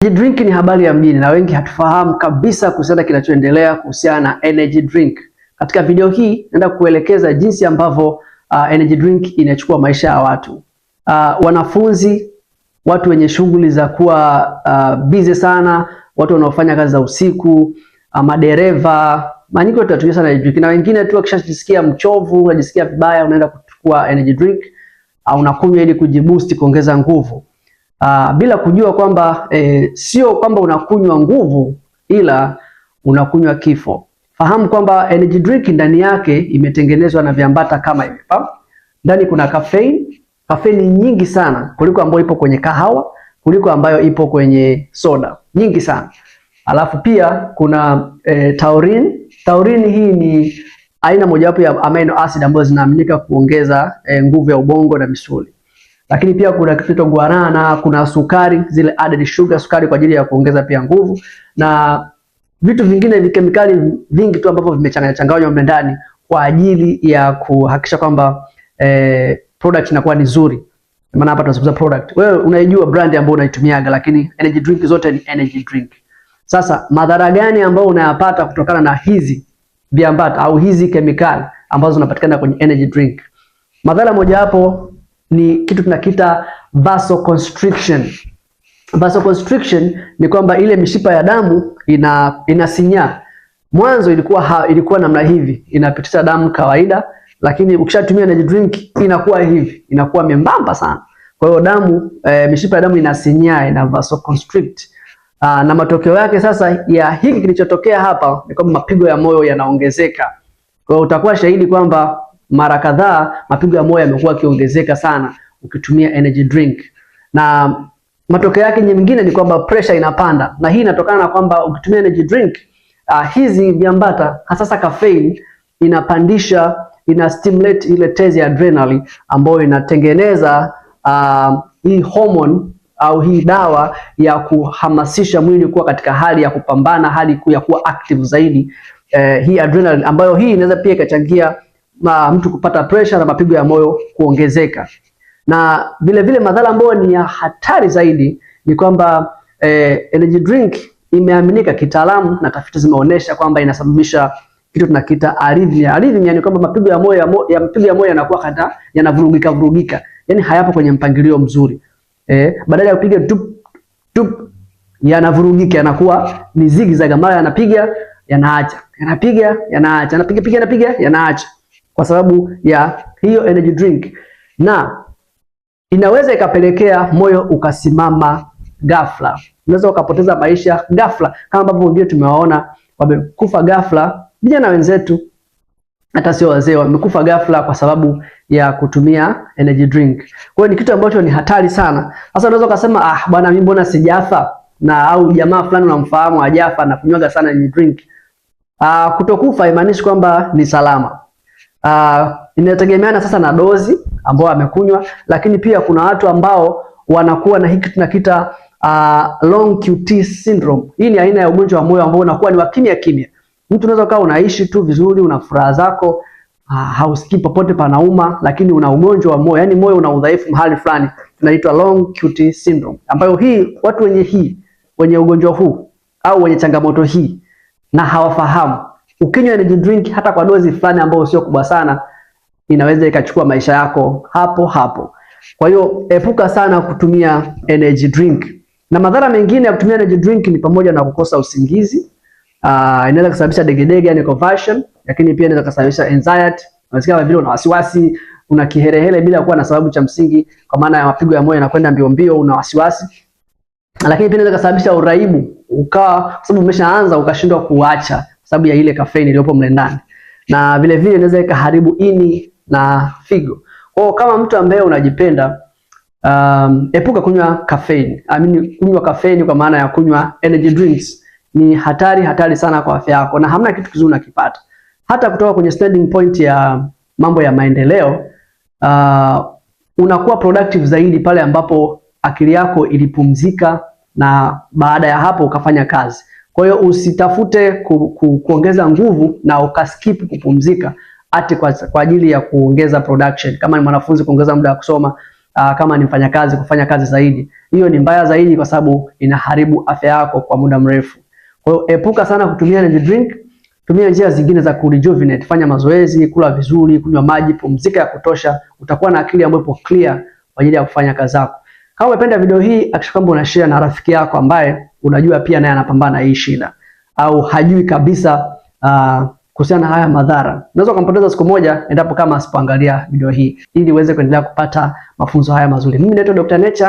Energy drink ni habari ya mjini na wengi hatufahamu kabisa kuhusiana kinachoendelea kuhusiana na energy drink. Katika video hii naenda kuelekeza jinsi ambavyo uh, energy drink inachukua maisha ya watu uh, wanafunzi, watu wenye shughuli za kuwa uh, busy sana, watu wanaofanya kazi za usiku uh, madereva, manyingi watu wanatumia sana energy drink, na wengine tu wakishajisikia mchovu, unajisikia vibaya, unaenda kuchukua energy drink au uh, unakunywa ili kujiboost, kuongeza nguvu aa, ah, bila kujua kwamba e, sio kwamba unakunywa nguvu ila unakunywa kifo. Fahamu kwamba energy drink ndani yake imetengenezwa na viambata kama hivi. Ndani kuna caffeine, caffeine nyingi sana kuliko ambayo ipo kwenye kahawa, kuliko ambayo ipo kwenye soda, nyingi sana. Alafu pia kuna e, taurine. Taurine hii ni aina mojawapo ya amino acid ambazo zinaaminika kuongeza e, nguvu ya ubongo na misuli lakini pia kuna kifito guarana, kuna sukari zile added sugar, sukari kwa ajili ya kuongeza pia nguvu na vitu vingine ni kemikali vingi tu ambavyo vimechanganywa changanywa mle ndani kwa ajili ya kuhakikisha kwamba eh, product inakuwa ni nzuri. Maana hapa tunazungumza product, wewe unaijua brand ambayo unaitumiaga, lakini energy drink zote ni energy drink. Sasa madhara gani ambayo unayapata kutokana na hizi viambata au hizi kemikali ambazo zinapatikana kwenye energy drink? Madhara moja hapo ni kitu tunakiita Vaso constriction ni kwamba ile mishipa ya damu ina inasinyaa. Mwanzo ilikuwa ha, ilikuwa namna hivi, inapitisha damu kawaida, lakini ukishatumia energy drink inakuwa hivi, inakuwa membamba sana. Kwa hiyo damu e, mishipa ya damu inasinyaa, ina vaso constrict. Aa, ah, na matokeo yake sasa ya hiki kilichotokea hapa ni kwamba mapigo ya moyo yanaongezeka. Kwa hiyo utakuwa shahidi kwamba mara kadhaa mapigo ya moyo yamekuwa yakiongezeka sana ukitumia energy drink, na matokeo yake nyingine ni kwamba pressure inapanda, na hii inatokana na kwamba ukitumia energy drink uh, hizi viambata hasa caffeine inapandisha, ina stimulate ile tezi ya adrenali ambayo inatengeneza uh, hii hormone au hii dawa ya kuhamasisha mwili kuwa katika hali ya kupambana, hali ya kuwa active zaidi. Eh, hii adrenal ambayo hii inaweza pia ikachangia ma, mtu kupata presha na mapigo ya moyo kuongezeka. Na vile vile madhara ambayo ni ya hatari zaidi ni kwamba eh, energy drink imeaminika kitaalamu na tafiti zimeonyesha kwamba inasababisha kitu tunakiita arrhythmia. Arrhythmia ni kwamba mapigo ya moyo ya mapigo ya moyo yanakuwa kata yanavurugika vurugika, yani hayapo kwenye mpangilio mzuri eh, badala ya kupiga tup tup yanavurugika, yanakuwa ni zigzag, mara yanapiga yanaacha, yanapiga yanaacha, yanapiga piga yanapiga yanaacha kwa sababu ya hiyo energy drink, na inaweza ikapelekea moyo ukasimama ghafla. Unaweza ukapoteza maisha ghafla, kama ambavyo wengine tumewaona wamekufa ghafla, vijana wenzetu, hata sio wazee, wamekufa ghafla kwa sababu ya kutumia energy drink. Kwa hiyo ni kitu ambacho ni hatari sana. Sasa unaweza ukasema, ah bwana, mimi mbona sijafa na au jamaa fulani unamfahamu ajafa na anakunywaga sana energy drink. Ah, kutokufa haimaanishi kwamba ni salama. Uh, inategemeana sasa na dozi ambao amekunywa, lakini pia kuna watu ambao wanakuwa na hiki tunakita uh, long QT syndrome. Hii ni aina ya ugonjwa wa moyo ambao unakuwa ni wa kimya kimya. Mtu unaweza ukawa unaishi tu vizuri, una furaha zako, uh, hausikii popote panauma, lakini una ugonjwa wa moyo, yani moyo una udhaifu mahali fulani, tunaitwa long QT syndrome, ambayo hii watu wenye hii wenye ugonjwa huu au wenye changamoto hii na hawafahamu Ukinywa energy drink hata kwa dozi fulani ambayo sio kubwa sana, inaweza ikachukua maisha yako hapo hapo. Kwa hiyo epuka sana kutumia energy drink. Na madhara mengine ya kutumia energy drink ni pamoja na kukosa usingizi. Uh, inaweza kusababisha degedege, yani conversion, lakini pia inaweza kusababisha anxiety. Unasikia kama vile una wasiwasi, una kiherehele bila kuwa na sababu cha msingi, kwa maana ya mapigo ya moyo yanakwenda mbio mbio, una wasiwasi. Lakini pia inaweza kusababisha uraibu, ukawa sababu umeshaanza ukashindwa kuacha sababu ya ile kafeini iliyopo mle ndani, na vile vile inaweza ikaharibu ini na figo. Kwa kama mtu ambaye unajipenda um, epuka kunywa kafeini. I mean, kunywa kafeini kwa maana ya kunywa energy drinks ni hatari hatari sana kwa afya yako, na hamna kitu kizuri unakipata hata kutoka kwenye standing point ya mambo ya maendeleo. Uh, unakuwa productive zaidi pale ambapo akili yako ilipumzika na baada ya hapo ukafanya kazi. Kwa hiyo usitafute ku, ku, kuongeza nguvu na ukaskip kupumzika ati kwa, kwa ajili ya kuongeza production. Kama ni mwanafunzi kuongeza muda wa kusoma, aa, ah, kama ni mfanyakazi kufanya kazi zaidi, hiyo ni mbaya zaidi, kwa sababu inaharibu afya yako kwa muda mrefu. Kwa hiyo epuka sana kutumia energy drink, tumia njia zingine za kurejuvenate. Fanya mazoezi, kula vizuri, kunywa maji, pumzika ya kutosha. Utakuwa na akili ambayo ipo clear kwa ajili ya kufanya kazi zako. Kama umependa video hii, hakikisha kwamba share na rafiki yako ambaye unajua pia naye anapambana hii shida, au hajui kabisa uh, kuhusiana na haya madhara. Unaweza ukampoteza siku moja endapo kama asipoangalia video hii, ili uweze kuendelea kupata mafunzo haya mazuri. Mimi naitwa Dr. Nature.